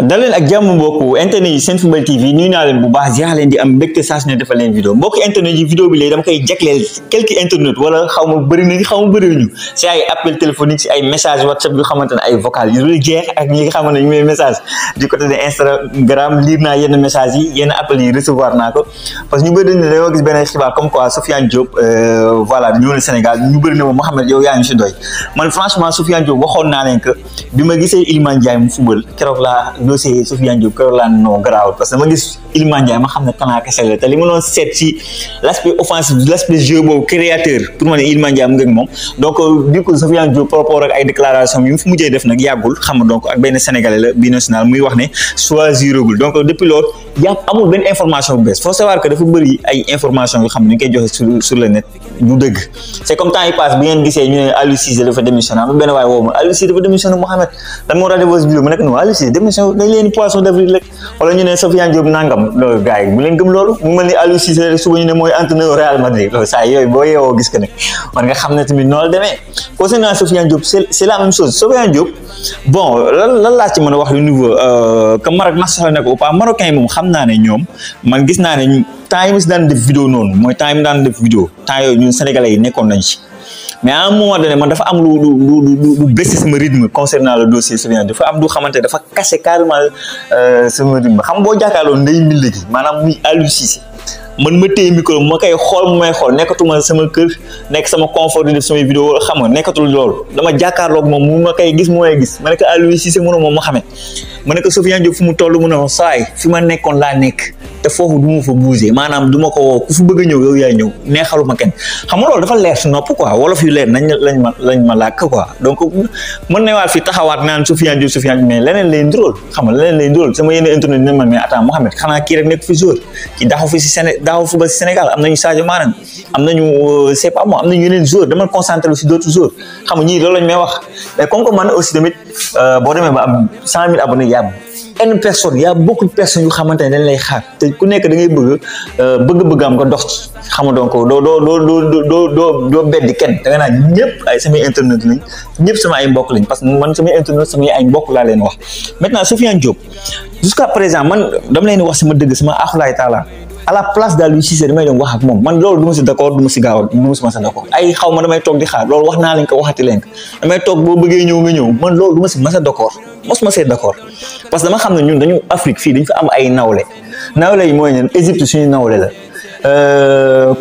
dal leen ak jàmm mbokku internet yi seen football tv nuyu naa leen bu baax ziar leen di am mbégte saa su ne defal leen vidéo mbokku internet yi vidéo bi léegi dama koy jagleel quelques internet wala xaw ma bëri nañu xaw ma bëriwuñu si ay appel téléphonique si ay message whatsapp yu xamante ne ay vocal yu dul jeex ak ñi nga xamante ñu may message du côté de Instagram lire naa yenn message yi yenn appel yi recevoir naa ko parce ñu bëri ne dañoo gis benn xibaar comme quoi Sofiane Diop euh, voilà ñëw na Sénégal ñu bëri na ma Mouhamed yow yaa ñu si doy man franchement Sofiane Diop waxoon naa leen que bi dossier Sofiane Diop keroog laa la l' aspect offensif euh, l' net du dëgg c' comme temps yi passe bi ngeen gisee ñu ne Aliou dafa démissionné am benn waay woo ma dafa démissionné Mouhamed lan moo tax defoo mu nekk non Aliou Cissé poisson dañ leen poisson d'avril rek wala ñu ne Sofiane Diop nangam loolu gars bu leen gëm loolu mu mel ni Aliou suba ñu ne mooy entraîneur Real Madrid loolu saa yooyu boo yeewoo gis ko ne man nga xam ne tamit noonu la demee concernant Sofiane Diop c'est c'est la bon lan lan laa ci mën a wax lu nouveau euh, que Maroc masaxla ne ko ou pas moom xam naa ne ñoom man gis naa ne temps yi mu daan def vidéo noonu mooy temps yi mu daan def vidéo temps yooyu ñun yi nekkoon nañ ci mais à un moment donné man dafa am lu lu lu lu baissé sama rythme concernant le dossier Souviens dafa am lu xamante dafa cassé carrément euh, sama rythme xam boo jàkkaarloo ndey mille gi maanaam muy Aliou man ma téye micro ma koy xool mu may xool nekkatuma sama kër nekk sama confort di def nekkatul loolu dama jàkkaarloog moom mu ma koy gis mu may gis ma nekk Aliou Cissé mënoo moom ma xamee ma nekk Soufiane Diop fu mu toll mu ne ma saay fi ma nekkoon laa nekk. te foofu du ma fa bougé maanaam du ma ko woo ku fi bëgg ñëw yow yaay ñëw neexaluma kenn xam nga dafa leer si nopp quoi wolof yu leer nañ lañ ma lañ ma làkk quoi donc mën na waat fi taxawaat naan Soufiane Diop mais leneen lay ndróol xam nga leneen lay ndróol sama yenn internet dinañ man mais attends Mohamed xanaa kii rek nekk fi joueur kii daaxu fi si Séné daaxu fi ba si Sénégal am nañu Sadio am nañu euh, c'est pas moi am nañu yeneen joueur dama concentré aussi d'autres joueurs xam nga lañ may wax mais comme que man tamit euh, boo demee ba am cent mille abonnés yàgg n personne y a beaucoup de personnes yu xamantene dañ lay xaar te ku nekk da ngay uh, bëgg bëgg bëgg am nga kan, dox ci xam do ko do do do do do do bedd kenn da nga lah, naan ñëpp ay sama internet lañ ñëpp sama ay mbokk lañ parce que man sama internet sama ay mbokk la leen wax maintenant soufiane diop jusqu'à présent man dama leen wax sama dëgg sama akhlaay ya, taala à la place daal Aliou Cissé damay dem wax ak moom man loolu du ma si d' accord du si gaaw du si masa d' ay xaw ma damay toog di xaar loolu wax naa leen ko waxati leen ko damay toog fii dañu fa am ay nawle nawle yi mooy ne Égypte suñu nawle la euh,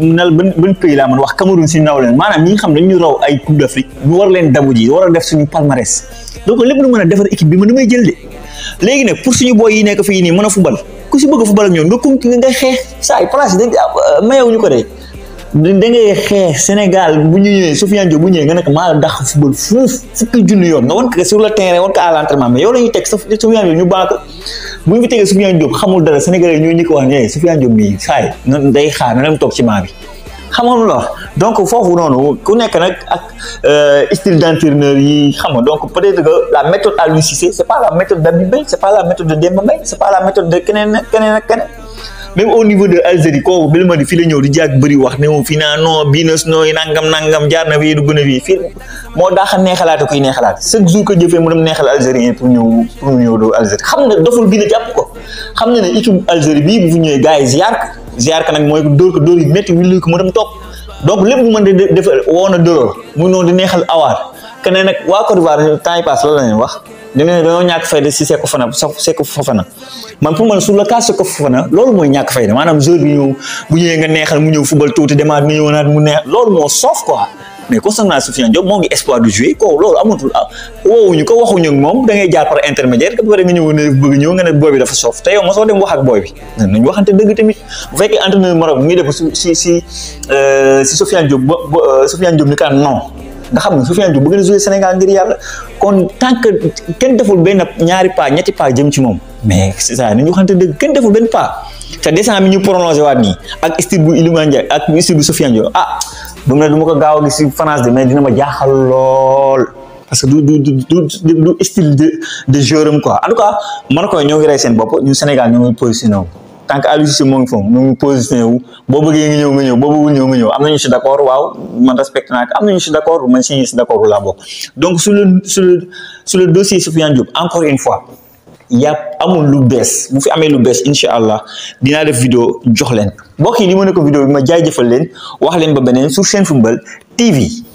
nal ban ban pays laa mën wax Cameroun si nawle la maanaam ñi nga xam dañu raw ay coupe d' Afrique ñu war leen dabu ji war a def suñu palmarès donc lépp lu mën a defar équipe bi man damay jël de léegi nag pour suñu boy yi nekk fii nii mën a fubal ku si bëgg football ak ñoom nga con nga xeex saa yu place yi euh, mayewuñu ko de da ngay xeex Sénégal bu ñu ñëwee Sofiane Diop bu ñëwee nga nekk maa la dàq football fuuf fukki junni yoon nga wan ko sur le terrain wan ko à l'entraînement mais yow la ñuy teg Sofiane Diop ñu baax bu ñu fi tegee Sofiane Diop xamul dara Sénégalais ñoo ñi ko wax ne eh, Sofiane Diop mii saa yi day na dem toog ci maa bi xam nga lu donc foofu noonu ku nekk nag ak euh, style d'entraîneur yi xam nga donc peut que la méthode à Aliou Cissé c'est pas la méthode d'Habib Beye c'est pas la méthode de Demba Mbaye c'est pas la méthode de keneen keneen ak keneen même au niveau de Algérie kooku bi ma di fii la ñëw di jaag bëri wax ne moom fii naa non bii nooy nangam nangam jaar na fii dugg na fii fii moo daa xam neexalaate kuy neexalaat chaque jour que jëfee mu dem neexal algérien pour ñëw pour ñëw do Algérie xam nga bi la jàpp ko xam na ne équipe Algérie bii bu fi ñëwee gars yi ziar ziar ka nag mooy dóor ko dóor yi métti wili lépp mu dem topp donc lépp mu mën di def woon a mu noonu di neexal awaar que ne nag waa Côte d'Ivoire temps yi passe loolu la leen wax dañ ne dañoo ñàkk fayda si Seko Fofana Seko Fofana man pour man sur le cas Seko Fofana loolu mooy ñàkk fayda maanaam joueur bi ñëw bu ñëwee nga neexal mu ñëw football tuuti demaat mu ñëw naat mu neex loolu moo soof quoi mais ko sangna soufiane diop mo ngi espoir du jouer ko lol amul wo wuñu ko waxuñ ak mom da ngay jaar par intermédiaire ko bari nga ñu ne bëgg ñu nga ne boy bi dafa sof tay yow moso dem wax ak boy bi nañ waxante deug tamit bu fekk entraîneur morom mi def si si euh si soufiane diop soufiane diop ni kan non nga xam nga soufiane diop bëgg na jouer sénégal ngir yalla kon tant que ken deful ben ñaari pa ñetti pa jëm ci mom mais c'est ça ni ñu xanté deug ken deful ben pa ta décembre ñu prolonger wat ni ak estibou ilou ak estibou soufiane diop ah du mu ne du ma ko gaaw a gis si France de mais dina ma jaaxal lool parce que du du du style de de jeu quoi en tout koy ñoo ngi rey seen bopp ñun Sénégal ñoo ngi positionné wu tant que Aliou Cissé moo ngi nga ñëw nga ñëw boo bëggul ñëw nga ñëw am nañu si d' waaw man respecté naa am nañu si d' accord man si ñu si d' accord laa bokk donc su le sur le sur le dossier Sofiane encore une fois. yàpp amul lu bees bu fi amee lu bees incha allah dinaa def video jox leen mbokk yi li ma ne ko bi ma jaajëfal leen wax leen ba beneen sur chaîne football TV.